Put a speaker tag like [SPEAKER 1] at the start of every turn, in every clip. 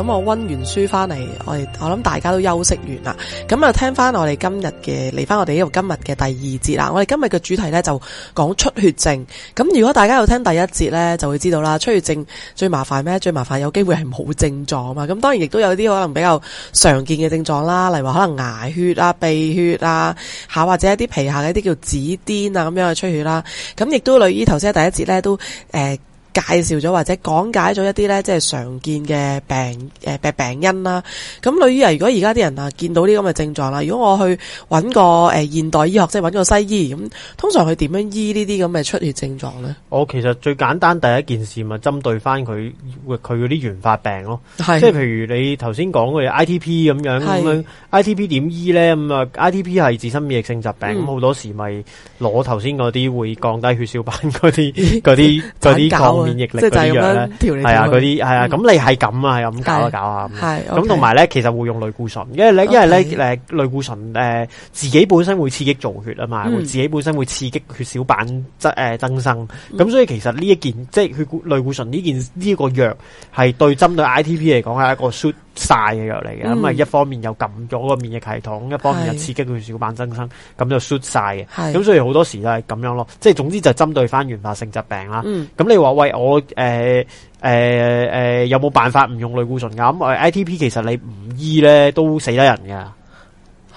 [SPEAKER 1] 咁我溫完書翻嚟，我哋我諗大家都休息完啦。咁啊，聽翻我哋今日嘅嚟翻我哋呢度今日嘅第二節啦。我哋今日嘅主題呢，就講出血症。咁如果大家有聽第一節呢，就會知道啦。出血症最麻煩咩？最麻煩有機會係冇症狀啊嘛。咁當然亦都有啲可能比較常見嘅症狀啦，例如話可能牙血啊、鼻血啊，下或者一啲皮下嘅一啲叫紫癜啊咁樣嘅出血啦。咁亦都類於頭先第一節呢，都誒。呃介紹咗或者講解咗一啲咧，即係常見嘅病病、呃、病因啦。咁、啊，例如如果而家啲人啊見到呢咁嘅症狀啦，如果我去搵個、呃、現代醫學，即係搵個西醫咁，通常佢點樣醫呢啲咁嘅出血症狀咧？
[SPEAKER 2] 我其實最簡單第一件事咪針對翻佢佢嗰啲原發病咯，即係譬如你頭先講嘅 I T P 咁樣咁樣，I T P 點醫咧咁啊？I T P 係自身免疫性疾病，咁、嗯、好多時咪攞頭先嗰啲會降低血小板嗰啲啲啲免疫力嘅藥咧，係、哦、啊，嗰啲係啊，咁你係咁啊，係咁搞一搞啊咁、啊。咁同埋咧，其實會用類固醇，因為咧，因為咧，誒、okay，類固醇誒、呃，自己本身會刺激造血啊嘛，會自己本身會刺激血小板增誒增生，咁、嗯、所以其實呢一件，即係佢固類固醇呢件呢、呢個藥係對針對 ITP 嚟講係一個 suit 晒嘅藥嚟嘅咁啊，一方面又撳咗個免疫系統，一方面又刺激佢血小板增生，生，咁就縮晒嘅。咁、嗯、所以好多時都係咁樣咯，即係總之就針對翻原發性疾病啦。咁、嗯嗯、你話喂，我誒誒誒有冇辦法唔用類固醇啊？咁、嗯呃、I T P 其實你唔醫咧都死得人噶。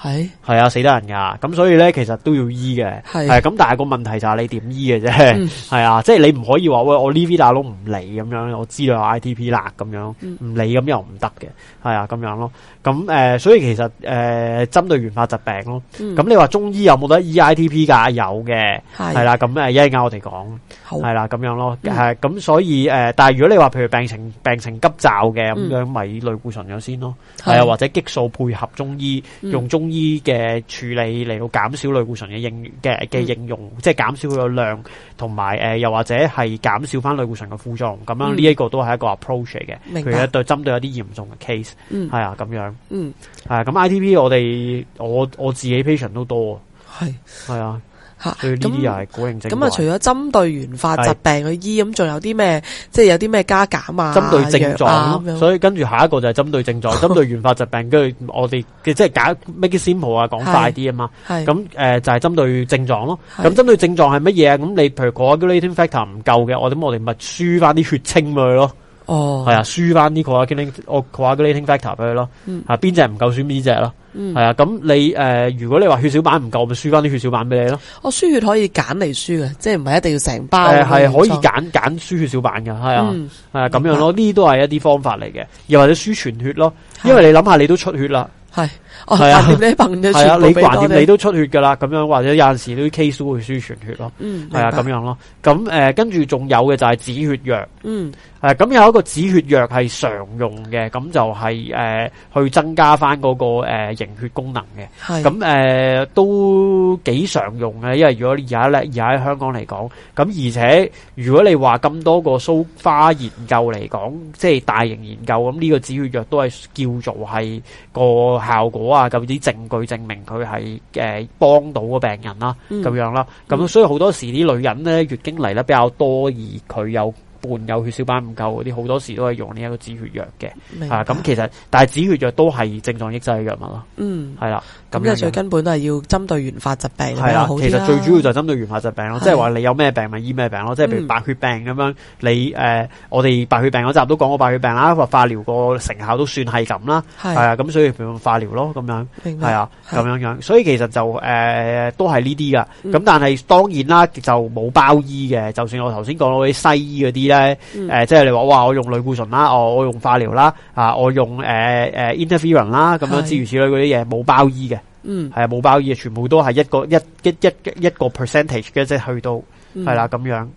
[SPEAKER 2] 係係啊，死得人噶，咁所以咧，其實都要醫嘅，係咁，但係個問題就係你點醫嘅啫，係啊，即係你唔可以話喂，我呢啲大佬唔理咁樣，我知道有 ITP 啦，咁樣唔理咁又唔得嘅，係啊，咁樣咯，咁誒，所以其實誒，針對原發疾病咯，咁你話中醫有冇得醫 ITP 噶？有嘅，係啦，咁誒，一陣間我哋講，係啦，咁樣咯，係咁，所以誒，但係如果你話譬如病情病情急驟嘅咁樣，咪類固醇咗先咯，係啊，或者激素配合中醫用中醫。醫嘅處理嚟到減少類固醇嘅應嘅嘅應用，嗯、即係減少佢個量，同埋誒又或者係減少翻類固醇嘅副作用。咁樣呢一個都係一個 approach 嚟嘅，譬如針對一啲嚴重嘅 case，係、嗯、啊咁樣，係、嗯、啊咁 ITP 我哋我我自己 patient 都多，係係啊。所以呢啲又係個性症。咁啊，除
[SPEAKER 1] 咗針對原發疾病去醫，咁仲有啲咩？即、就、係、是、有啲咩加減啊？針對症狀咁樣，所
[SPEAKER 2] 以跟住下一個就係針對症狀，針對原發疾病。跟 住我哋即係假 make it simple 啊，講快啲啊嘛。咁誒、呃，就係、是、針對症狀咯。咁針對症狀係乜嘢？咁你譬如 coagulating factor 唔夠嘅，我點我哋咪輸翻啲血清去咯？
[SPEAKER 1] 哦，係啊，
[SPEAKER 2] 輸翻呢個啊 coagulating factor 俾佢咯。嗯，啊邊隻唔夠選邊隻咯。嗯，係啊，咁你誒、呃，如果你話血小板唔夠，咪輸翻啲血小板俾你咯。
[SPEAKER 1] 我輸血可以揀嚟輸嘅，即係唔係一定要成包。誒、呃，係可以
[SPEAKER 2] 揀揀輸血小板嘅，係啊，係、嗯、咁樣咯。呢啲都係一啲方法嚟嘅，又或者輸全血咯。因為你諗下，你都出血啦，係。係、哦、啊，啊，啊，你橫咗全你。係啊，你橫掂你都出血噶啦，咁樣或者有陣時啲 case 都會輸全血咯。嗯，係啊，咁樣咯。咁誒，跟住仲有嘅就係止血藥。嗯，咁、啊、有一個止血藥係常用嘅，咁就係、是、誒、呃、去增加翻、那、嗰個誒凝、呃、血功能嘅。咁誒、呃、都幾常用嘅，因為如果而家咧而家喺香港嚟講，咁而且如果你話咁多個 so far 研究嚟講，即、就、係、是、大型研究咁呢個止血藥都係叫做係個效果。我啊，咁啲證據證明佢係誒幫到個病人啦，咁、嗯、樣啦，咁所以好多時啲女人咧月經嚟得比較多，而佢有，伴有血小板唔夠嗰啲，好多時都係用呢一個止血藥嘅，嚇咁、啊、其實，但係止血藥都係症狀抑制嘅藥物咯，嗯，係啦，咁因為最
[SPEAKER 1] 根本都係要針對原發疾病，係啦，其實最主要
[SPEAKER 2] 就針對原發疾病咯，即係話你有咩病咪醫咩病咯，即係譬如白血病咁樣，嗯、你誒、呃、我哋白血病嗰集都講過白血病啦，話化療個成效都算係咁啦，係啊，咁所以用化療咯，咁樣係啊，咁樣樣，所以其實就誒、呃、都係呢啲噶，咁、嗯、但係當然啦，就冇包醫嘅，就算我頭先講到啲西醫嗰啲誒，誒，即係你話，哇！我用類固醇啦，我我用化療啦，啊，我用誒誒 interferon 啦，咁、呃呃、樣諸如此類嗰啲嘢，冇包醫嘅，嗯，係啊，冇包醫嘅，全部都係一個一一一一,一個 percentage 嘅，即、就、係、是、去到，係、嗯、啦，咁樣，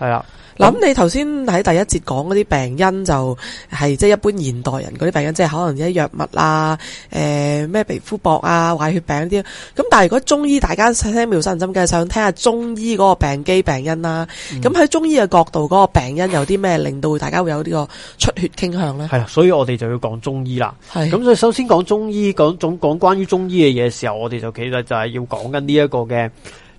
[SPEAKER 2] 係啦。咁、嗯、你頭
[SPEAKER 1] 先喺第一節講嗰啲病因就係即係一般現代人嗰啲病因，即係可能啲藥物啊，誒咩皮膚薄啊，壞血病啲。咁但係如果中醫，大家聽妙手銀針嘅，想聽下中醫嗰個病機、病因啦。咁、嗯、喺中醫嘅角度，嗰、嗰個病因有啲咩令到大家會有呢個出血傾向咧？係啦，所
[SPEAKER 2] 以我哋就要講中醫啦。
[SPEAKER 1] 係。咁所以首先講中醫，
[SPEAKER 2] 講總講關於中醫嘅嘢嘅時候，我哋就其實就係要講緊呢一個嘅。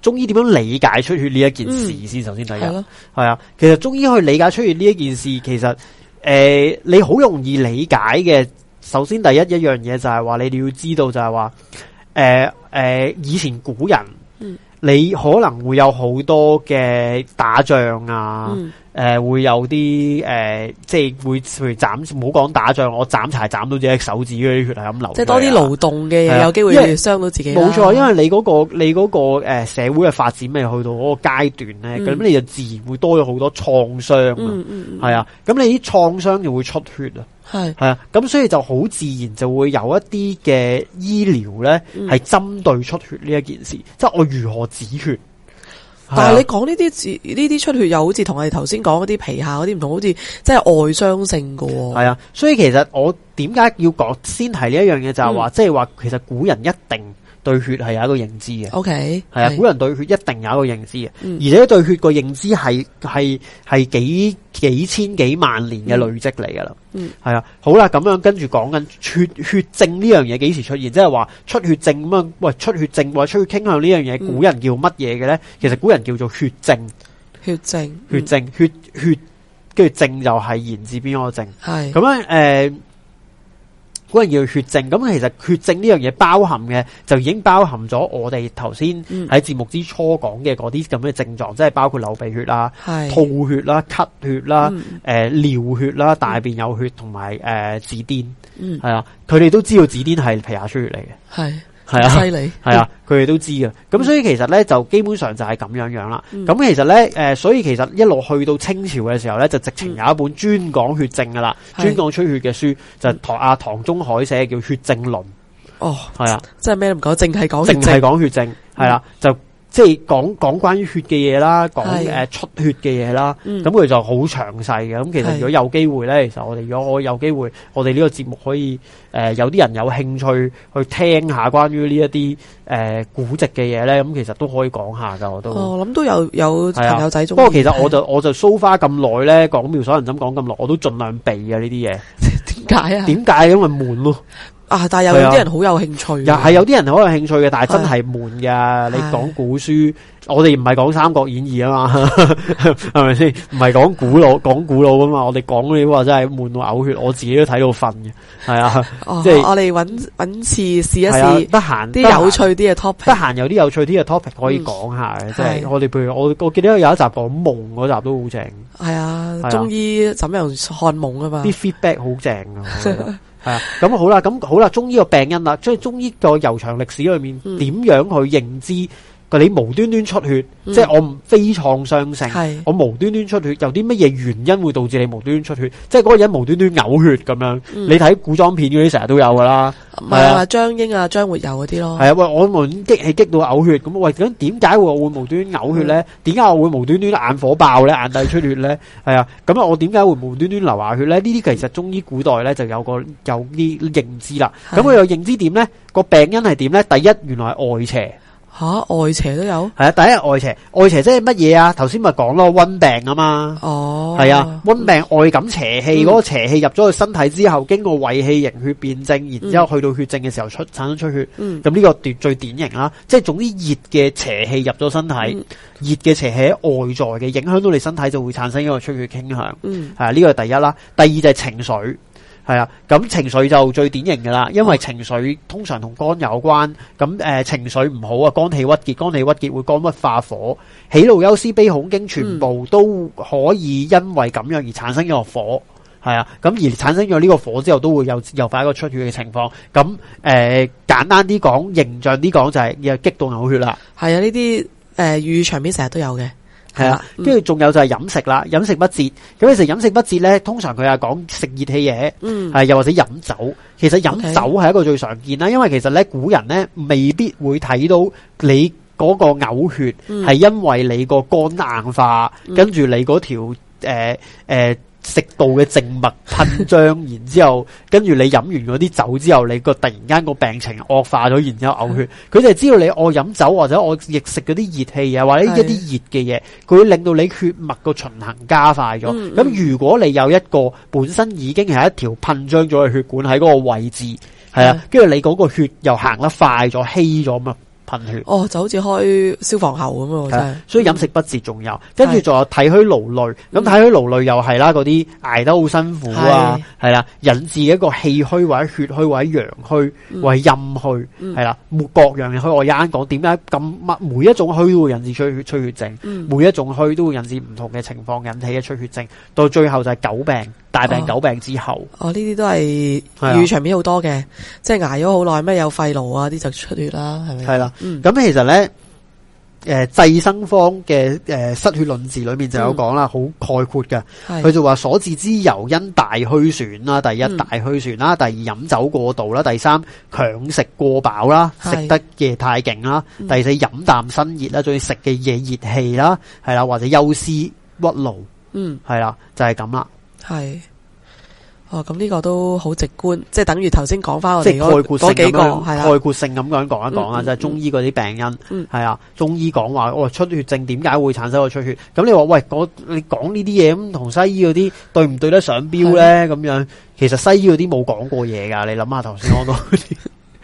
[SPEAKER 2] 中醫點樣理解出血呢一件事先、嗯？首先第一，係啊，其實中醫去理解出血呢一件事，其實誒、呃，你好容易理解嘅。首先，第一一樣嘢就係話，你哋要知道就係話，誒、呃、誒、呃，以前古人，嗯、你可能會有好多嘅打仗啊。嗯誒、呃，會有啲誒、呃，即係會譬如斬，唔好講打仗，我斬柴斬到自己手指嗰啲血係咁流。即係多啲勞動嘅嘢，有機、啊、會傷到自己。冇錯，因為你嗰、那個你嗰、那個誒、呃、社會嘅發展未，咪去到嗰個階段咧，咁你就自然會多咗好多創傷。係、嗯嗯、啊，咁你啲創傷就會出血啊，係係啊，咁所以就好自然就會有一啲嘅醫療咧，係、嗯、針對出血呢一件事，嗯、即係我如何止血。
[SPEAKER 1] 但係你講呢啲字，呢啲出血又好似同我哋頭先講嗰啲皮下嗰啲唔同，好似即係外傷性噶喎。係啊，所以其實我點解要講先提呢一樣嘢，就係話，即
[SPEAKER 2] 係話其實古人一定。對血係有一個認知嘅，OK，係啊是，古人對血一定有一個認知嘅、嗯，而且對血個認知係係係幾幾千幾萬年嘅累積嚟噶啦，嗯，係啊，好啦，咁樣跟住講緊血血症呢樣嘢幾時出現，即係話出血症咁樣，喂、呃，出血症或者出血傾向呢樣嘢，古人叫乜嘢嘅咧？其實古人叫做血症，
[SPEAKER 1] 血症，血
[SPEAKER 2] 症，嗯、血血跟住症就係言字邊個症，係咁樣誒。呃嗰樣叫血症，咁其實血症呢樣嘢包含嘅就已經包含咗我哋頭先喺節目之初講嘅嗰啲咁嘅症狀，即係包括流鼻血啦、吐血啦、咳血啦、誒、嗯、尿、呃、血啦、大便有血同埋誒紫癜，係、呃、啊，佢哋都知道紫癜係皮下出血嚟嘅，係。係啊，犀利，係啊，佢、嗯、哋都知噶。咁所以其實咧，就基本上就係咁樣樣啦。咁、嗯、其實咧，誒、呃，所以其實一路去到清朝嘅時候咧，就直情有一本專講血症噶啦，專、嗯、講出血嘅書，就係唐、嗯啊、唐中海寫嘅叫《血證論》。哦，係啊，
[SPEAKER 1] 即係咩都唔講？淨係講淨係
[SPEAKER 2] 講血症，係啦、啊嗯、就。即係講講關於血嘅嘢啦，講誒、呃、出血嘅嘢啦，咁、嗯、佢就好詳細嘅。咁其實如果有機會咧，其實我哋如果我有機會，我哋呢個節目可以誒、呃、有啲人有興趣去聽下關於呢一啲誒古籍嘅嘢咧，咁其實都可以講下噶。我都、哦、我諗
[SPEAKER 1] 都有有朋友仔中。不過其實我就
[SPEAKER 2] 我就 so far 咁耐咧，講妙手銀針講咁耐，我都盡量避啊呢啲嘢。
[SPEAKER 1] 點解 啊？點解因為悶咯。啊！但係有啲人好有興趣，又係、
[SPEAKER 2] 啊、有啲人好有興趣嘅，但係真係悶噶。你講古書，我哋唔係講三國演義啊嘛，係咪先？唔係講古老，講 古老噶嘛？我哋講嗰啲話真係悶到嘔血，我自己都睇到瞓嘅。係啊，哦、即
[SPEAKER 1] 係、哦、我哋搵次試一試、啊，得閒啲有
[SPEAKER 2] 趣啲嘅 topic，得閒有啲有趣啲嘅 topic, topic 可以講下嘅。即、嗯、係、啊就是、我哋譬如我，我記得有一集講夢嗰集都好正。
[SPEAKER 1] 係啊，中醫怎樣看夢啊嘛？啲
[SPEAKER 2] feedback 好正啊！ 咁、啊、好啦，咁好啦，中醫個病因啦，即係中醫個悠長歷史裏面點樣去認知？嗯個你無端端出血，嗯、即係我唔非創傷性，我無端端出血，有啲乜嘢原因會導致你無端端出血？即係嗰個人無端端嘔血咁樣，嗯、你睇古裝片嗰啲成日都有噶啦，咪係話
[SPEAKER 1] 張瑛啊、張活游嗰啲咯。係
[SPEAKER 2] 啊，喂，我滿激氣激到嘔血，咁喂咁點解會會無端端嘔血咧？點、嗯、解我會無端端眼火爆咧？眼底出血咧？係 啊，咁啊，我點解會無端端流牙血咧？呢啲其實中醫古代咧就有個有啲認知啦。咁佢又認知點咧？個病因係點咧？第一，原來係外邪。
[SPEAKER 1] 吓、啊、外邪都有
[SPEAKER 2] 係啊！第一外邪，外邪即係乜嘢啊？頭先咪講咯，瘟病啊嘛。哦，係啊，瘟病外感邪氣，嗰、嗯、個邪氣入咗佢身體之後，經過衛氣營血辨證，然之後去到血症嘅時候出產生出，出，出血。嗯，咁呢個最典型啦，即係總之熱嘅邪氣入咗身體，熱嘅、嗯、邪氣外在嘅影響到你身體就會產生一個出血傾向。嗯，啊呢、嗯這個第一啦，第二就係情緒。係啊，咁情緒就最典型㗎啦，因為情緒通常同肝有關，咁、呃、情緒唔好啊，肝氣鬱結，肝氣鬱結會肝鬱化火，喜怒憂思悲恐驚，全部都可以因為咁樣而產生咗個火，係、嗯、啊，咁而產生咗呢個火之後，都會有又發一個出血嘅情況，咁、呃、簡單啲講，形象啲講就係又激動流血啦，係、呃、啊，呢啲誒
[SPEAKER 1] 語場面成日都有嘅。
[SPEAKER 2] 係啊，跟住仲有就係飲食啦，飲食不節，咁有時飲食不節咧，通常佢係講食熱氣嘢，係、嗯、又或者飲酒。其實飲酒係一個最常見啦，因為其實咧古人咧未必會睇到你嗰個嘔血係因為你個肝硬化，跟、嗯、住你嗰條誒誒。呃呃食道嘅靜脈噴張，然之後跟住你飲完嗰啲酒之後，你個突然間個病情惡化咗，然之後嘔血。佢、嗯、就係知道你我飲酒或者我亦食嗰啲熱氣嘢，或者一啲熱嘅嘢，佢會令到你血脈個循行加快咗。咁、嗯嗯、如果你有一個本身已經係一條噴張咗嘅血管喺嗰個位置，係啊，跟、嗯、住你嗰個血又行得快咗、嗯、稀咗嘛。噴血
[SPEAKER 1] 哦，就好似開消防喉咁咯，真係。
[SPEAKER 2] 所以飲食不節，仲有，跟住仲有體虛勞累。咁體虛勞累又係啦，嗰啲捱得好辛苦啊，係啦，引致一個氣虛或者血虛或者陽虛、嗯、或者陰虛，係啦，各樣嘅虛。我有啱講，點解咁乜每一種虛都會引致出血出血症，嗯？每一種虛都會引致唔同嘅情況引起嘅出血症，到最後就係久病。大病久病之後，
[SPEAKER 1] 哦，呢、哦、啲都係淤長面好多嘅、啊，即係挨咗好耐，咩有肺癆啊啲就出血啦，係咪？係啦、啊，咁、嗯、其實咧，誒、呃，濟生
[SPEAKER 2] 方嘅誒、呃、失血論治裏面就有講啦，好、嗯、概括嘅，佢、啊、就話所致之由因大虛損啦，第一、嗯、大虛損啦，第二飲酒過度啦，第三強食過飽啦、啊，食得嘢太勁啦、嗯，第四飲啖新熱啦，仲要食嘅嘢熱氣啦，係啦、啊，或者憂思屈勞，嗯，係啦、啊，就係咁啦。
[SPEAKER 1] 係，哦，咁呢個都好直觀，即係等於頭先講翻我哋嗰、嗰幾個係啦，概
[SPEAKER 2] 括性，咁樣講一講啊，就係、是、中醫嗰啲病因，係、嗯、啊、嗯，中醫講話我出血症點解會產生個出血？咁你話喂，你講呢啲嘢，咁，同西醫嗰啲對唔對得上標咧？咁樣其實西醫嗰啲冇講過嘢噶，你諗下頭先講到嗰啲。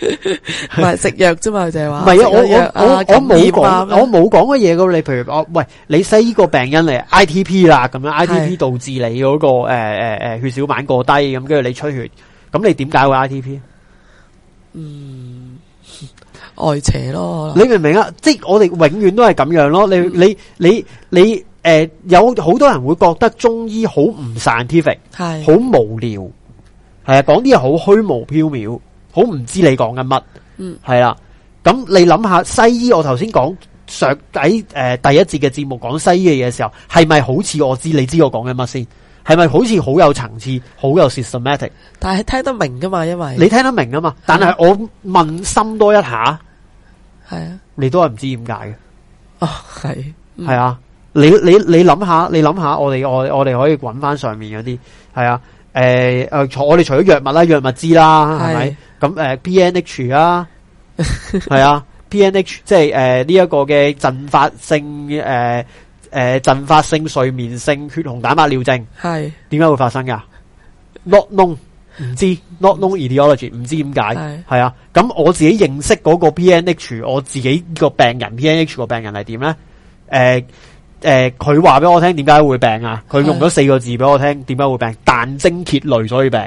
[SPEAKER 1] 唔係食藥啫嘛，就係話。唔係啊,啊，我我我我冇講，我
[SPEAKER 2] 冇講嘅嘢噶。你譬如我喂，你西醫個病因嚟，ITP 啦，咁樣 ITP 導致你嗰、那個誒誒誒血小板過低，咁跟住你出血，咁你點解會 ITP？嗯，
[SPEAKER 1] 外邪咯。你
[SPEAKER 2] 明唔明啊？即係我哋永遠都係咁樣咯。嗯、你你你你誒、呃，有好多人會覺得中醫好唔 scientific，係好無聊，係、呃、啊，講啲嘢好虛無縹緲。好唔知你講緊乜，嗯，係啦。咁你諗下西醫，我頭先講上喺誒、呃、第一節嘅節目講西醫嘅嘢嘅時候，係咪好似我知你知我講緊乜先？係咪好似好有層次，好有 systematic？
[SPEAKER 1] 但係聽得明噶嘛？因為你聽
[SPEAKER 2] 得明噶嘛？但係我問心多一下，
[SPEAKER 1] 係啊，
[SPEAKER 2] 你都係唔知點解嘅啊？
[SPEAKER 1] 係係啊，
[SPEAKER 2] 你你你諗下，你諗下，我哋我我哋可以搵翻上面嗰啲，係啊，誒誒，我哋除咗藥物啦，藥物知啦，係咪？咁誒、呃、P N H 啊，係 啊，P N H 即係誒呢一個嘅陣發性誒誒陣發性睡眠性血紅蛋白尿症，係點解會發生噶？Not known，唔知 ，Not known etiology，唔 知點解，係 啊。咁我自己認識嗰個 P N H，我自己個病人 P N H 個病人係點咧？誒、呃、誒，佢話俾我聽點解會病啊？佢用咗四個字俾我聽，點解會病？殫 精竭慮所以病。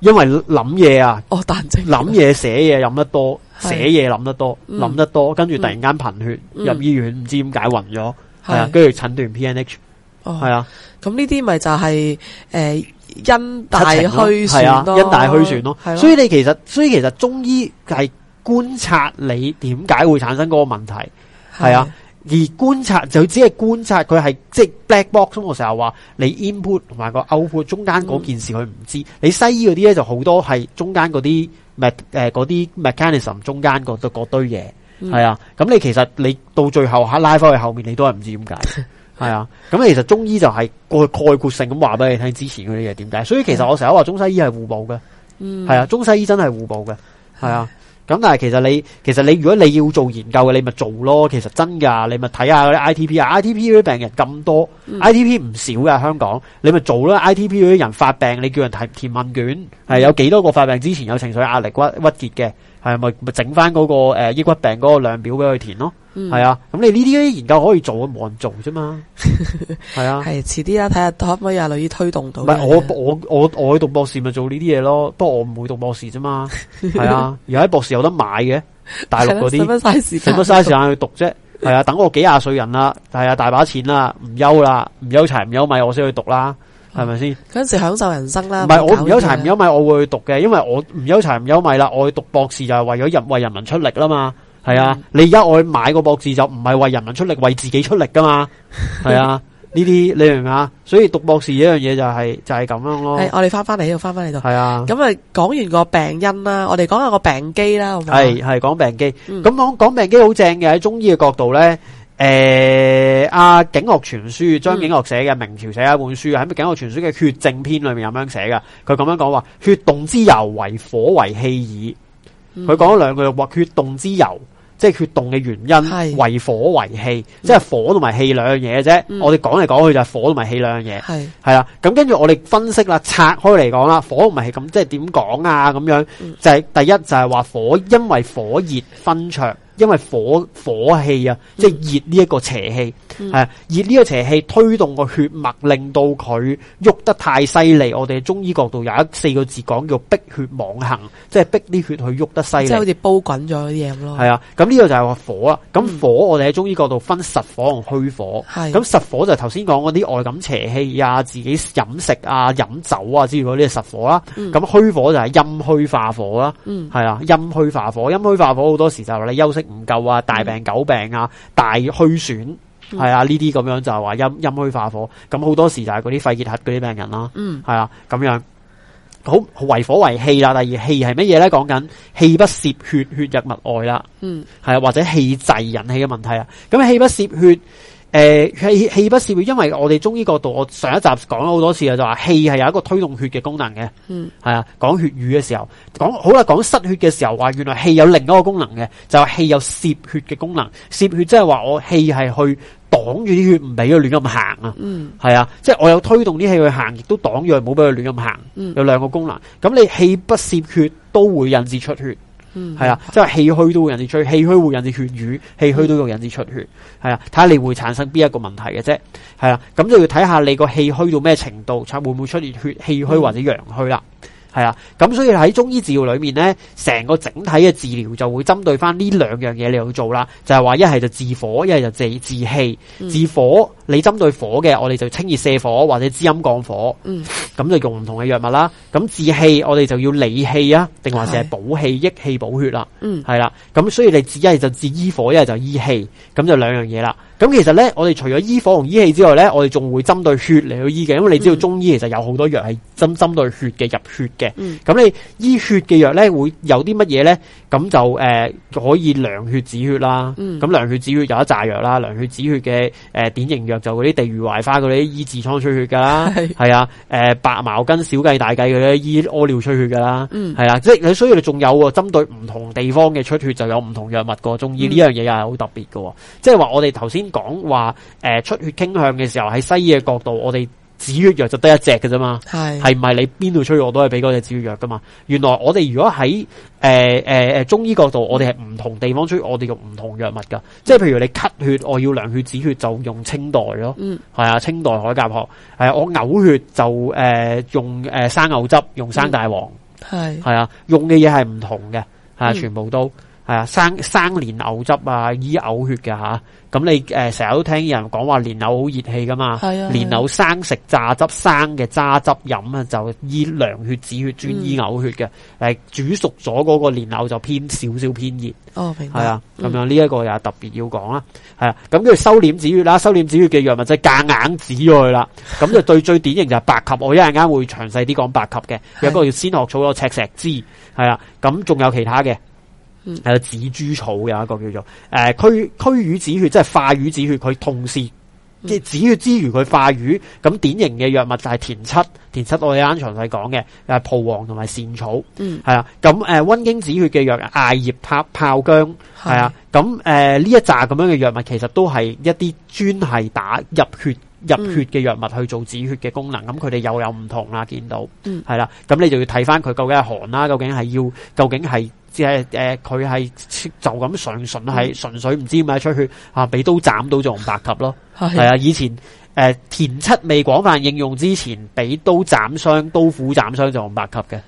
[SPEAKER 2] 因為諗嘢啊，諗嘢寫嘢諗得多，寫嘢諗得多，諗、嗯、得多，跟住突然間貧血、嗯、入醫院，唔知點解暈咗，係啊，跟住診斷 P N H，係啊，
[SPEAKER 1] 咁呢啲咪就係誒因大虛損囉。因大虛損咯，所以你其實，
[SPEAKER 2] 所以其實中醫係觀察你點解會產生嗰個問題，係啊。而觀察就只係觀察佢係即 black box 咁我成日話，你 input 同埋個 output 中間嗰件事佢唔知。嗯、你西醫嗰啲咧就好多係中間嗰啲 m 啲 mechanism 中間嗰堆嘢係、嗯、啊。咁你其實你到最後吓拉翻去後面，你都係唔知點解係啊。咁其實中醫就係過概括性咁話俾你聽，之前嗰啲嘢點解。所以其實我成日話中西醫係互補嘅，係、嗯、啊，中西醫真係互補嘅，係啊。嗯咁但係其實你，其實你如果你要做研究嘅你咪做咯，其實真，噶你咪睇下嗰啲 I T P 啊 I T P 嗰啲病人咁多、嗯、I T P 唔少㗎。香港，你咪做囉。I T P 嗰啲人發病，你叫人填填問卷，係、嗯、有幾多個發病之前有情緒壓力鬱結嘅？係咪咪整翻嗰個、呃、抑鬱病嗰個量表俾佢填咯。係、嗯、啊，咁你呢啲研究可以做嘅，冇人做啫嘛。係 啊，係
[SPEAKER 1] 遲啲啦，睇下可唔可以阿女推動到。唔係我
[SPEAKER 2] 我我我去讀博士咪做呢啲嘢咯，不過我唔會讀博士啫嘛。係 啊，而家博士有得買嘅，大陸嗰啲。使乜嘥時間？去讀啫？係 啊，等我幾廿歲人啦，係 啊，大把錢啦，唔憂啦，唔憂柴唔憂米，我先去讀啦，係咪先？嗰
[SPEAKER 1] 陣時享受人生啦。唔係我唔憂柴唔
[SPEAKER 2] 憂米，我會去讀嘅，因為我唔憂柴唔憂米啦，我去讀博士就係為咗人為人民出力啦嘛。係啊，你而家我去買個博士就唔係為人民出力，為自己出力噶嘛？係啊，呢 啲你明啊？所以讀博士呢樣嘢就係、是、就係、是、咁樣咯。係、哎、我哋翻
[SPEAKER 1] 翻嚟呢度，翻翻嚟度。係啊，咁啊講完個病因啦，我哋講下個病機啦。係
[SPEAKER 2] 係講病機，咁講講病機好正嘅，喺中醫嘅角度咧，誒、呃、阿、啊、景岳全書，張景岳寫嘅，明朝寫一本書喺《景岳全書》嘅《血證》篇裏面咁樣寫噶，佢咁樣講話：血動之由為火為氣耳。佢講咗兩句話，血動之由。即係血動嘅原因，為火為氣，即係火同埋氣兩樣嘢啫、嗯。我哋講嚟講去就係火同埋氣兩樣嘢，係啦。咁跟住我哋分析啦，拆開嚟講啦，火同埋氣咁，即係點講啊？咁樣就係、是、第一就係話火，因為火熱分灼。因為火火氣啊，即係熱呢一個邪氣，係熱呢個邪氣推動個血脈，令到佢喐得太犀利。我哋喺中醫角度有一四個字講，叫逼血妄行，即係逼啲血去喐得犀利。即係好
[SPEAKER 1] 似煲滾咗啲嘢咁咯。係啊，
[SPEAKER 2] 咁呢個就係話火啦、啊。咁火我哋喺中醫角度分實火同虛火。係咁、啊、實火就頭先講嗰啲外感邪氣啊，自己飲食啊、飲酒啊之類嗰啲實火啦、啊。咁、嗯、虛火就係陰虛化火啦。係啊，陰虛、啊、化火，陰虛化火好多時就話你休息。唔夠啊！大病久病啊！大虛損，係啊，呢啲咁樣就話陰陰虛化火，咁好多時就係嗰啲肺結核嗰啲病人啦，係啊，嗯啊，咁樣好為火為氣啦。第二氣係乜嘢呢？講緊氣不攝血，血入脈外啦。嗯，係啊，或者氣滯引起嘅問題啊。咁氣不攝血。誒、呃，氣氣不攝血，因為我哋中醫角度，我上一集講咗好多次啊，就話氣係有一個推動血嘅功能嘅，嗯，係啊，講血瘀嘅時候，講好啦，講失血嘅時候，話原來氣有另一個功能嘅，就係氣有攝血嘅功能，攝血即係話我氣係去擋住啲血唔俾佢亂咁行啊，嗯，係啊，即係我有推動啲氣去行，亦都擋住，唔好俾佢亂咁行，有兩個功能，咁你氣不攝血都會引致出血。嗯，係 啊樂，即係氣虛都會引致出血，氣虛會引致血瘀，氣虛都會引致出血，係啊，睇下、嗯、你會產生邊一個問題嘅啫，係啊，咁就要睇下你個氣虛到咩程度，才會唔會出現血氣虛或者陽虛啦，係啊，咁所以喺中醫治療裏面咧，成個整體嘅治療就會針對翻呢兩樣嘢你去做啦，就係話一係就治火，一係就治治氣，治火。嗯你針對火嘅，我哋就清熱瀉火或者滋陰降火，咁、嗯、就用唔同嘅藥物啦。咁治氣，我哋就要理氣啊，定還是係補氣益氣補血啦。嗯，係啦。咁所以你只一係就治醫火，一係就醫氣，咁就兩樣嘢啦。咁其實咧，我哋除咗醫火同醫氣之外咧，我哋仲會針對血嚟去醫嘅。因為你知道中醫其實有好多藥係針針對血嘅入血嘅。咁、嗯、你醫血嘅藥咧會有啲乜嘢咧？咁就誒、呃、可以涼血止血啦，咁、嗯、涼血止血有一紮藥，啦，涼血止血嘅誒、呃、典型藥就嗰啲地榆槐花嗰啲醫痔瘡出血噶啦，係啊，誒白茅根小薊大薊嗰啲醫屙尿出血噶啦，係、嗯、啊，即係你需要你仲有針對唔同地方嘅出血就有唔同藥物。個中醫呢樣嘢又係好特別噶，即係話我哋頭先講話誒出血傾向嘅時候喺西醫嘅角度我哋。止血藥就得一隻嘅啫嘛，係係唔係你邊度出去我都係俾嗰隻止血藥噶嘛。原來我哋如果喺誒誒誒中醫角度，我哋係唔同地方出去，我哋用唔同藥物噶。即係譬如你咳血，我要涼血止血就用青黛咯，嗯，係啊，青黛海蛤殼，係、呃、我嘔血就誒、呃、用誒、呃、生牛汁，用生大黃，係、嗯、係啊，用嘅嘢係唔同嘅，吓、嗯啊、全部都。係啊，生生蓮藕汁啊，醫嘔血嘅吓、啊。咁你誒，成、呃、日都聽人講話蓮藕好熱氣噶嘛。係啊，蓮、啊、藕生食榨汁生嘅榨汁飲啊，就醫涼血止血，專醫嘔血嘅。誒、嗯啊，煮熟咗嗰個蓮藕就偏少少偏熱。哦，係啊，咁、嗯、樣呢一個又特別要講啦。係啊。咁跟住收斂止血啦，收斂止血嘅藥物即係硬梗子類啦。咁就最最典型就係白芨。 我一陣間會詳細啲講白芨嘅、啊。有一個叫仙鶴草，有個赤石脂，係啊。咁仲有其他嘅。係紫珠草，有一個叫做誒，祛祛瘀止血，即係化瘀止血。佢同時即止血之餘，佢化瘀。咁典型嘅藥物就係田七，田七我哋啱啱詳細講嘅。誒、啊，蒲黃同埋茜草，嗯，係啊。咁誒溫經止血嘅藥，艾葉炮、炮炮姜，係啊。咁誒呢一扎咁樣嘅藥物，其實都係一啲專係打入血、嗯、入血嘅藥物去做止血嘅功能。咁佢哋又有唔同啦，見到，嗯，係啦、啊。咁你就要睇翻佢究竟係寒啦，究竟係要，究竟係。即係誒，佢、呃、係就咁純純係純粹唔知點解出血啊，俾刀斬到就用白級咯。係啊，以前誒、呃，田七未廣泛應用之前，俾刀斬傷、刀斧斬傷就用白級嘅。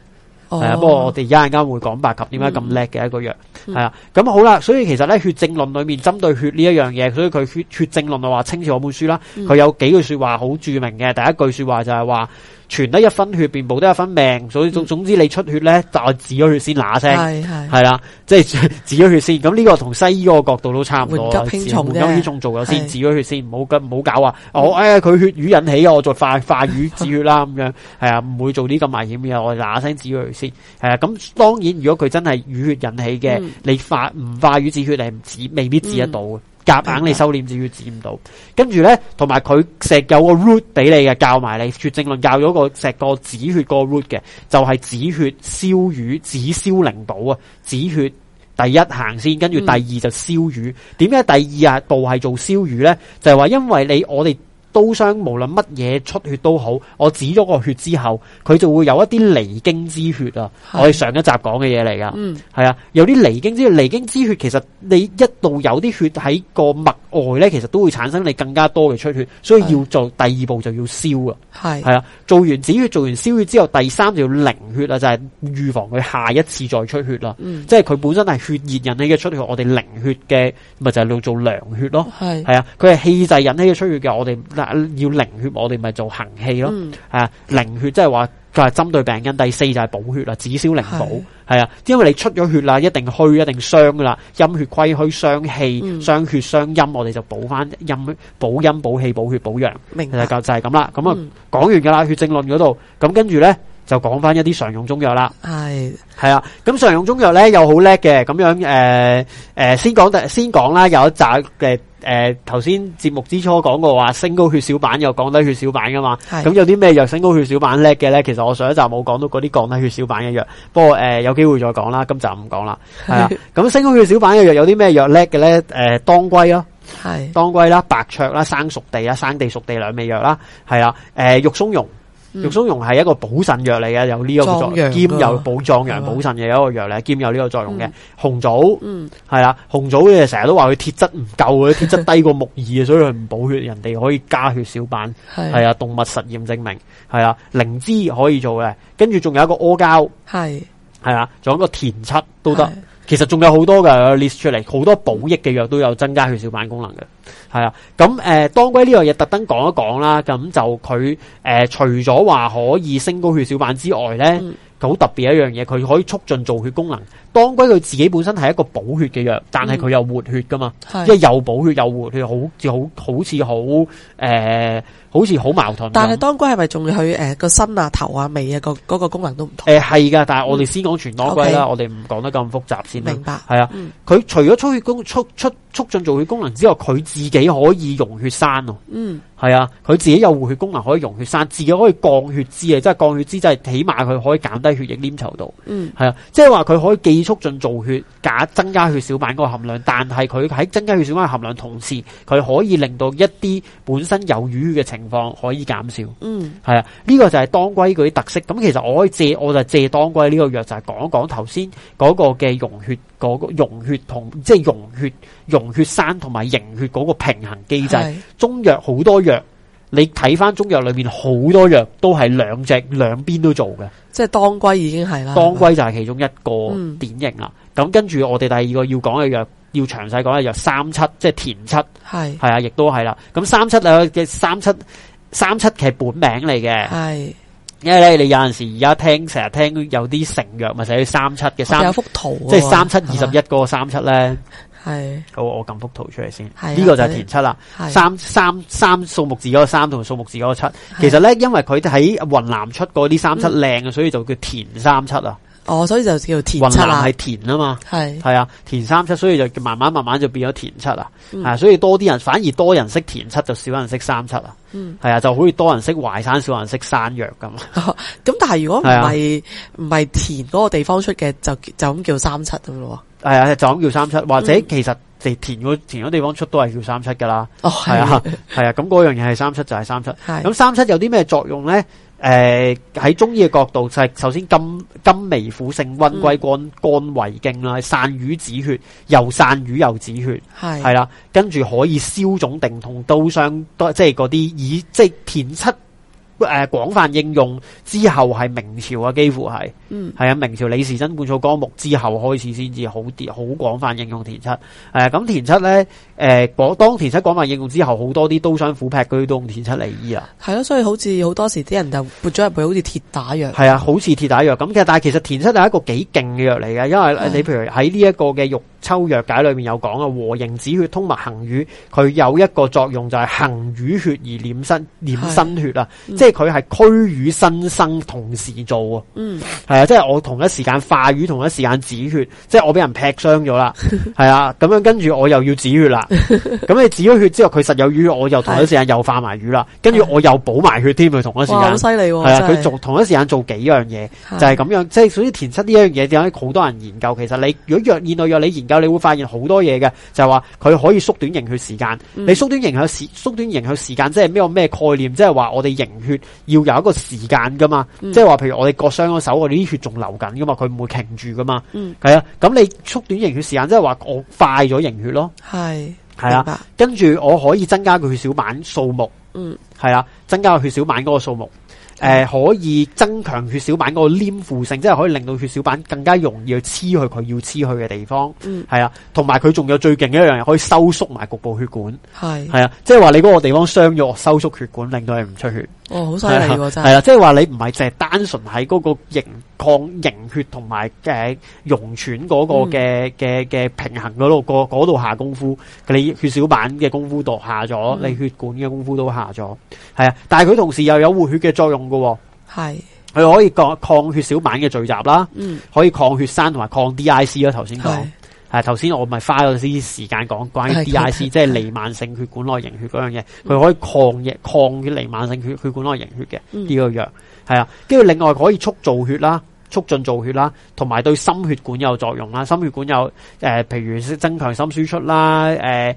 [SPEAKER 2] 係、哦、啊，不過我哋而家陣間會講白級點解咁叻嘅一個藥。係、嗯、啊，咁好啦，所以其實咧《血證論》裏面針對血呢一樣嘢，所以佢《血血證論》就話清朝嗰本書啦，佢、嗯、有幾句說話好著名嘅。第一句說話就係話。存得一分血，便部都一分命，所以總總之你出血咧，就止咗血先嗱聲，係係，係啦，即係止咗血先。咁呢、就是、個同西醫嗰個角度都差唔多，緩急輕重嘅，緩急輕重做咗先，止咗血先，唔好唔好搞啊！我、哦、哎呀，佢血瘀引起嘅，我再化化瘀止血啦咁 樣，係啊，唔會做啲咁危險嘅，我嗱聲止咗血先。係啊，咁當然如果佢真係淤血引起嘅，嗯、你化唔化瘀止血係唔止，未必止得到。嗯嗯夾硬,硬你收斂止血止唔到，跟住呢，同埋佢石有,有個 root 俾你嘅，教埋你血證論教咗個石個止血個 root 嘅，就係、是、止血消瘀，止消寧補啊！止血第一行先，跟住第二就消瘀。點、嗯、解第二步係做消瘀呢？就係、是、話因為你我哋。刀傷無論乜嘢出血都好，我止咗個血之後，佢就會有一啲離經之血啊！我哋上一集講嘅嘢嚟㗎，係、嗯、啊，有啲離經之血。離經之血，其實你一度有啲血喺個脈外咧，其實都會產生你更加多嘅出血，所以要做第二步就要燒啊，係呀。啊，做完止血，做完燒血之後，第三就要凝血啦，就係、是、預防佢下一次再出血啦、嗯。即係佢本身係血熱引起嘅出血，我哋凝血嘅咪就係、是、要做涼血咯，係呀，啊，佢係氣滯引起嘅出血嘅，我哋。要寧血，我哋咪做行氣咯。啊，寧血即係話佢係針對病因。第四就係補血啦，止消寧補，係啊。因為你出咗血啦，一定虛一定傷噶啦，陰血虧虛，傷氣、傷血、傷陰，我哋就補翻陰，補陰、補氣、補血、補陽。明就就係咁啦。咁啊，講完噶啦，《血證論》嗰度。咁跟住咧。就講翻一啲常用中藥啦，係係啊，咁常用中藥咧又好叻嘅，咁樣誒誒、呃呃，先講先講啦，有一集嘅誒頭先節目之初講過話，升高血小板又降低血小板噶嘛，咁有啲咩藥升高血小板叻嘅咧？其實我上一集冇講到嗰啲降低血小板嘅藥，不過誒、呃、有機會再講啦，咁就唔講啦。吓，咁升高血小板嘅藥有啲咩藥叻嘅咧？誒、呃，當歸咯，係當歸啦，白芍啦，生熟地啦，生地熟地兩味藥啦，係啦，誒、呃、肉蓯蓉。肉、嗯、蓯蓉係一個補腎藥嚟嘅，有呢個作用，兼有補壯陽、補腎嘅一個藥嚟，兼有呢個，個作用嘅。紅棗，嗯，係啦，嗯，紅棗你哋成日都話佢鐵質唔夠嘅，鐵質低過木耳啊，所以佢唔補血。人哋可以加血小板，係啊，動物實驗證明，係啊，靈芝可以做嘅，跟住仲有一個阿膠，係，係啊，仲有一個田七都得。其實仲有好多嘅 list 出嚟，好多補益嘅藥都有增加血小板功能嘅，係啊。咁誒、呃，當歸呢樣嘢特登講一講啦。咁就佢誒、呃，除咗話可以升高血小板之外咧，佢好、嗯、特別一樣嘢，佢可以促進造血功能。當歸佢自己本身係一個補血嘅藥，但係佢又活血㗎嘛，即、嗯、係又補血又活血，好似好好似好誒。呃好似好矛盾。但係
[SPEAKER 1] 當歸係咪仲要去誒個、呃、身啊頭啊尾啊個嗰、那個功能都唔
[SPEAKER 2] 同？誒係噶，但係我哋先講全當歸啦，嗯、okay, 我哋唔講得咁複雜先。明白。係啊，佢、嗯、除咗促血功促出促進造血功能之外，佢自己可以溶血栓。嗯，係啊，佢自己有活血功能可以溶血栓。自己可以降血脂啊，即係降血脂即係起碼佢可以減低血液黏稠度。嗯，係啊，即係話佢可以既促進造血加增加血小板個含量，但係佢喺增加血小板個含量同時，佢可以令到一啲本身有瘀嘅情。情況可以減少，嗯，是，係啊，呢個就係當歸嗰啲特色。咁其實我可以借，我就借當歸呢個藥，就係講講頭先嗰個嘅溶血嗰個溶血同即係溶血溶血山同埋凝血嗰個平衡機制。中藥好多藥，你睇翻中藥裏面好多藥都係兩隻兩邊都做嘅，
[SPEAKER 1] 即係當歸已經係啦，當
[SPEAKER 2] 歸就係其中一個典型啦。咁、嗯、跟住我哋第二個要講嘅藥。要詳細講咧，有三七，即係田七，係係啊，亦都係啦。咁三七啊嘅三七，三七其實本名嚟嘅，係因為咧，你有陣時而家聽，成日聽有啲成藥咪寫三七嘅，三有幅圖、啊，即係三七二十一嗰個三七咧，係，好，我撳幅圖出嚟先，呢、這個就係田七啦，三三三數目字嗰個三同數目字嗰個七，其實咧，因為佢喺雲南出嗰啲三七靚嘅、嗯，所以就叫田三七啊。哦，所以就叫田七，雲南係田啊嘛，係係啊，啊，田三七，所以就慢慢慢慢就變咗田七、嗯、啊，係，所以多啲人反而多人識田七就少人識三七啊，係、嗯、啊，就好似多人識淮山少人識山藥咁
[SPEAKER 1] 咁，但係如果唔係唔係田嗰個地方出嘅就就咁叫三七噶咯，
[SPEAKER 2] 係啊，就咁叫三七，或者其實地田嗰、嗯、田嗰地方出都係叫三七噶啦，哦係啊係啊，咁嗰、啊 啊、樣嘢，係三七就係三七，係、就、咁、係三，啊、三七有啲咩作用咧？誒、呃，喺中醫嘅角度就係、是，首先甘甘微苦性溫，歸肝肝為經啦，散瘀止血，又散瘀又止血，係係啦，跟住可以消腫定痛，刀傷都即係嗰啲以即係田七誒廣泛應用之後係明朝啊，幾乎係。嗯，係啊！明朝李時珍編纂《本草綱目》之後開始先至好跌好廣泛應用田七。誒、啊，咁田七咧，誒、呃，當田七廣泛應用之後，好多啲刀傷、斧劈、鋸都用田七嚟醫啊。
[SPEAKER 1] 係啊，所以好似好多時啲人就撥咗入去好鐵，好似鐵打藥。係啊，
[SPEAKER 2] 好似鐵打藥咁。但其實但係其實田七係一個幾勁嘅藥嚟嘅，因為你譬如喺呢一個嘅《玉秋藥解》裏面有講啊，和營止血通脈行瘀，佢有一個作用就係行瘀血而斂身斂身血是啊，嗯、即係佢係驅瘀新生同時做啊。嗯。即係我同一時間化瘀，同一時間止血，即係我俾人劈傷咗啦，係 啊，咁樣跟住我又要止血啦。咁 你止咗血之後，佢實有瘀，我又同一時間又化埋瘀啦， 跟住我又補埋血添，佢同一時間。哇，好犀利喎！係啊，佢、啊、做同一時間做幾樣嘢， 就係咁樣。即係所以，田七呢一樣嘢點解好多人研究？其實你如果藥現代藥理研究，你會發現好多嘢嘅，就係話佢可以縮短凝血時間。你縮短凝血，血時，縮短凝血時間，即係咩咩概念？即係話我哋凝血要有一個時間噶嘛？ 即係話，譬如我哋割傷咗手，血仲流緊噶嘛，佢唔會停住噶嘛。嗯，係啊，咁你縮短凝血時間，即係話我快咗凝血咯。
[SPEAKER 1] 係，
[SPEAKER 2] 係啊。跟住我可以增加個血小板數目。嗯，係啊，增加個血小板嗰個數目。誒、嗯呃，可以增強血小板嗰個黏附性，即係可以令到血小板更加容易去黐去佢要黐去嘅地方。嗯，係啊，同埋佢仲有最勁一樣嘢，可以收縮埋局部血管。係，係啊，即係話你嗰個地方傷咗，我收縮血管，令到佢唔出血。
[SPEAKER 1] 哦，好犀利，真係啦。哦，即係
[SPEAKER 2] 話你唔係淨係單純喺嗰個凝、抗凝血同埋嘅溶栓嗰個嘅嘅嘅平衡嗰度，過度下功夫，你血小板嘅功夫度下咗，你血管嘅功夫都下咗。係、嗯、啊！但係佢同時又有活血嘅作用噶、哦，係佢可以抗、抗血小板嘅聚集啦，嗯，可以抗血栓同埋抗 DIC 啦。頭先講。係頭先我咪花咗啲時間講關於 DIC， 即係彌漫性血管內凝血嗰樣嘢，佢可以抗疫，抗啲彌漫性血管內凝血嘅呢個藥，係啊，跟 住另外可以促造血啦。促進造血啦，同埋對心血管有作用啦。心血管有，誒、呃，譬如增強心輸出啦，誒誒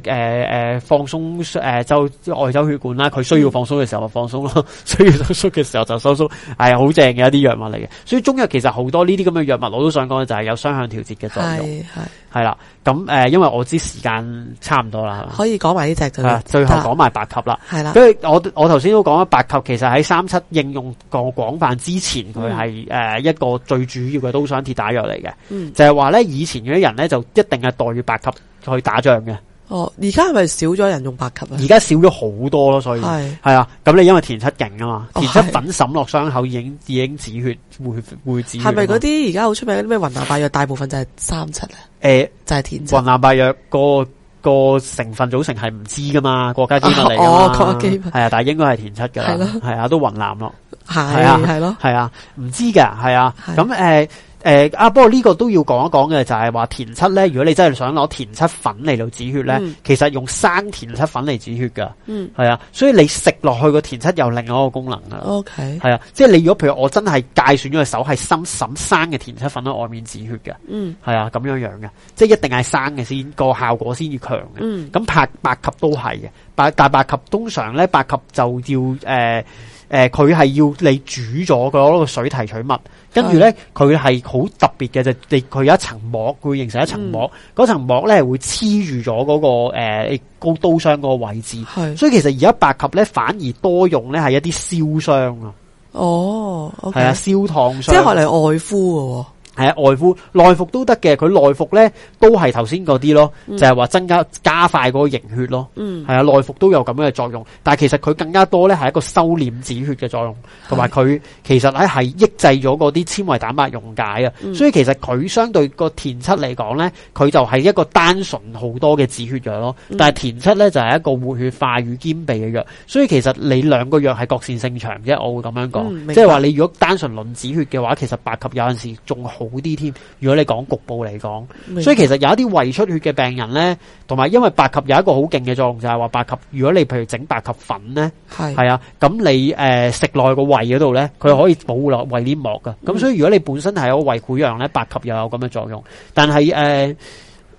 [SPEAKER 2] 誒誒，放鬆誒就外周血管啦。佢需要放鬆嘅時候就放鬆咯，需要收縮嘅時候就收縮。係好正嘅一啲藥物嚟嘅。所以中藥其實好多呢啲咁嘅藥物，我都想講嘅就係有雙向調節嘅作用。係係。係啦，咁誒、呃，因為我知時間差唔多啦，可以
[SPEAKER 1] 講埋呢隻就，最後
[SPEAKER 2] 講埋白芨啦，係啦。跟住我我頭先都講咗白芨，其實喺三七應用個廣泛之前，佢係誒一個最主要嘅刀槍鐵打藥嚟嘅，就係話咧以前嗰啲人咧就一定係帶住白芨去打仗嘅。
[SPEAKER 1] 哦，而家係咪少咗人用白芨啊？而家少咗好多咯，所以係
[SPEAKER 2] 係啊。咁你因為田七勁啊嘛，田七粉滲落傷口已經、哦、已經止血，會會止血。係咪嗰
[SPEAKER 1] 啲而家好出名啲咩雲南白藥，大部分就係三七啊？誒、
[SPEAKER 2] 欸，就係、是、田七。雲南白藥個個成分組成係唔知噶嘛？國家機密嚟噶嘛？哦，國家機密係啊，但係應該係田七噶啦。係咯、啊，係啊，都雲南咯。係啊，係咯，係啊，唔知噶，係啊，咁誒。誒、呃，啊，不過這個講講呢個都要講一講嘅，就係話田七咧，如果你真係想攞田七粉嚟到止血咧，嗯、其實用生田七粉嚟止血噶，係、嗯、啊，所以你食落去個田七有另外一個功能噶，係、okay. 啊，即係你如果譬如我真係篩算咗個手係深生、生嘅田七粉喺外面止血嘅，係、嗯、啊，咁樣樣嘅，即係一定係生嘅先，個效果先至強嘅，咁白、白及都係嘅，白、白及通常咧白及就要誒。呃誒、呃，佢係要你煮咗嗰個水提取物，跟住咧佢係好特別嘅，就你、是、佢有一層膜，佢會形成一層膜，嗰、嗯、層膜咧會黐住咗嗰、那個誒、呃、刀傷嗰個位置，所以其實而家白芨咧反而多用咧係一啲燒傷啊。
[SPEAKER 1] 哦，係、okay, 啊，燒
[SPEAKER 2] 燙傷，即係嚟外
[SPEAKER 1] 敷喎。
[SPEAKER 2] 係啊，外敷內服都得嘅。佢內服咧都係頭先嗰啲咯，嗯、就係、是、話增加加快嗰個凝血咯。嗯，係啊，內服都有咁樣嘅作用。但係其實佢更加多咧係一個收斂止血嘅作用，同埋佢其實喺係抑制咗嗰啲纖維蛋白溶解啊、嗯。所以其實佢相對個田七嚟講咧，佢就係一個單純好多嘅止血藥咯。嗯、但係田七咧就係、是、一個活血化瘀兼備嘅藥。所以其實你兩個藥係各擅勝場嘅，我會咁樣講，即係話你如果單純論止血嘅話，其實白及有陣時仲好。好啲添。如果你講局部嚟講，所以其實有一啲胃出血嘅病人呢，同埋因為白及有一個好勁嘅作用，就係話白及。如果你譬如整白及粉呢，係啊，咁你誒、呃、食內個胃嗰度呢，佢可以保護落、嗯、胃黏膜噶。咁所以如果你本身係有個胃潰瘍呢，白及又有咁嘅作用。但係誒。呃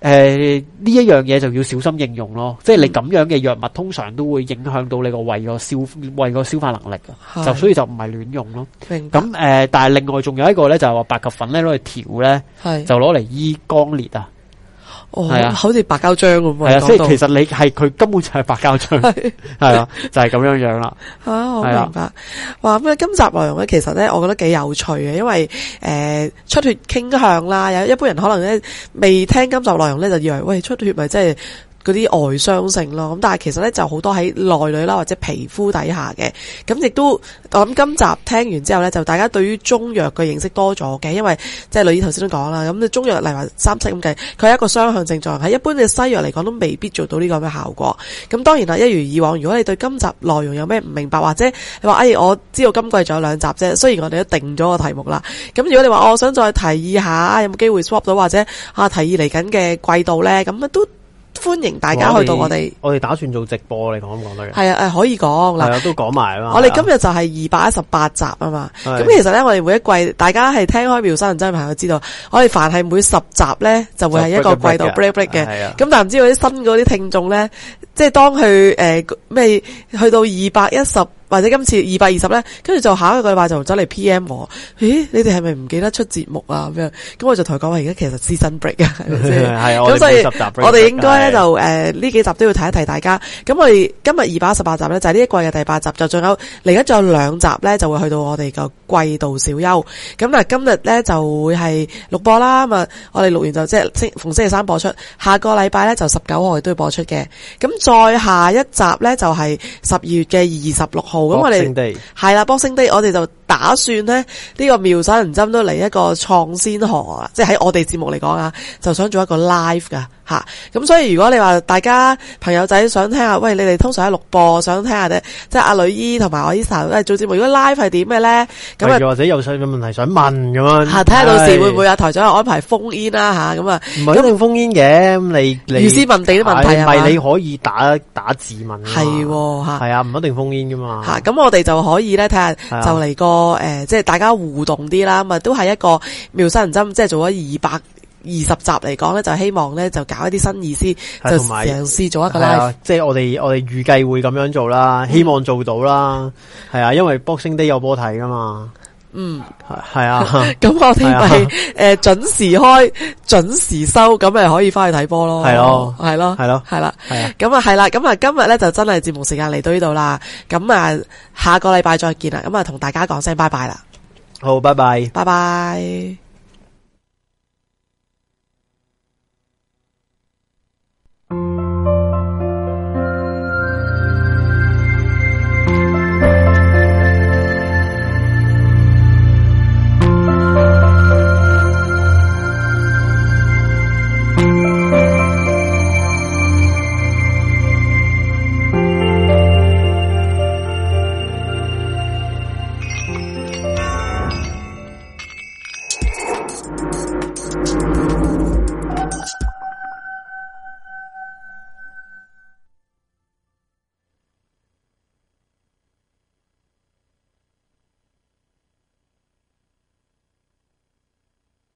[SPEAKER 2] 誒，呢、呃、一樣嘢就要小心應用咯，即係你咁樣嘅藥物通常都會影響到你個胃個消胃個消化能力，是就所以就唔係亂用咯。咁誒白、呃，但係另外仲有一個咧，就係、是、話白及粉咧攞去調咧，調呢是就攞嚟醫肛裂啊。
[SPEAKER 1] 係、哦、啊，好似白膠漿咁啊，即係其實
[SPEAKER 2] 你係佢根本就係白膠漿，係啊，啊 就係咁樣樣啦。
[SPEAKER 1] 吓、 啊，明白。啦、啊，話咩今集內容咧，其實咧，我覺得幾有趣嘅，因為誒、呃、出血傾向啦，有一般人可能咧未聽今集內容咧，就以為喂出血咪即係。嗰啲外傷性咯，咁但係其實咧就好多喺內裏啦，或者皮膚底下嘅。咁亦都我諗今集聽完之後咧，就大家對於中藥嘅認識多咗嘅，因為即係類似頭先都講啦。咁你中藥例如話三七咁計，佢係一個雙向症狀，喺一般嘅西藥嚟講都未必做到呢個咁嘅效果。咁當然啦，一如以往，如果你對今集內容有咩唔明白或者你話哎，我知道今季仲有兩集啫。雖然我哋都定咗個題目啦。咁如果你話、哦、我想再提議一下，有冇機會 swap 到或者啊提議嚟緊嘅季度咧？咁啊都。歡迎大家去到我哋，
[SPEAKER 2] 我哋打算做直播，你講唔講得嘅？係
[SPEAKER 1] 啊，誒，可以講嗱、啊，都講埋啦。我哋今日就係二百一十八集啊嘛，咁、啊、其實咧，我哋每一季，大家係聽開妙手銀針係朋友知道，我哋凡係每十集咧，就會係一個季度 break break 嘅，咁、啊、但係唔知嗰啲新嗰啲聽眾咧，即係當佢誒咩去到二百一十。或者今次二百二十咧，跟住就下一個禮拜就走嚟 PM 我，咦？你哋係咪唔記得出節目啊？咁樣咁我就同佢講話，而家其實 season break 啊，咁、 嗯嗯嗯嗯嗯、所以我哋應該咧就呢、呃、幾集都要提一提大家。咁我哋今日二百一十八集咧就係、是、呢一季嘅第八集，就仲有嚟緊仲有兩集咧就會去到我哋嘅季度小休。咁、嗯、啊、嗯，今日咧就會係錄播啦。咁啊，我哋錄完就即係逢星期三播出，下個禮拜咧就十九號亦都要播出嘅。咁、嗯、再下一集咧就係十二月嘅二十六號。咁我哋係啦，波升低，我哋就打算咧呢個妙手銀針都嚟一個創先河啊！即係喺我哋節目嚟講啊，就想做一個 live 噶吓。咁所以如果你話大家朋友仔想聽下，喂，你哋通常喺錄播想聽下啲，即係阿女姨同埋我 Elsa 都係做節目，如果 live 係點嘅咧？咁啊，或
[SPEAKER 2] 者有想嘅問題想問咁啊？吓，睇下到時會唔會阿
[SPEAKER 1] 台長安排封煙啦吓？咁啊，唔一定
[SPEAKER 2] 封煙嘅，你你預先問地啲問題啊？唔係你可以打打字問係
[SPEAKER 1] 喎吓，係啊，唔一定封煙噶嘛。咁、啊、我哋就可以咧睇下，看看，就嚟個誒，即係、呃、大家互動啲啦。咁啊，都係一個妙手銀針，即係做咗二百二十集嚟講咧，嗯、就希望咧就搞一啲新意思，就嘗試做一個 live，即係我哋我哋預計
[SPEAKER 2] 會咁樣做啦，希望做到啦。係、嗯、啊，因為 boxing day 有波睇噶嘛。嗯，係啊，咁我
[SPEAKER 1] 哋咪誒，準時開，準時收，咁咪可以翻去睇波咯，係咯，係咯，係咯，係啦，咁啊係啦，咁啊今日咧就真係節目時間嚟到呢度啦，咁啊下個禮拜再見啦，咁啊同大家講聲拜拜啦，好拜拜，拜拜。Bye bye。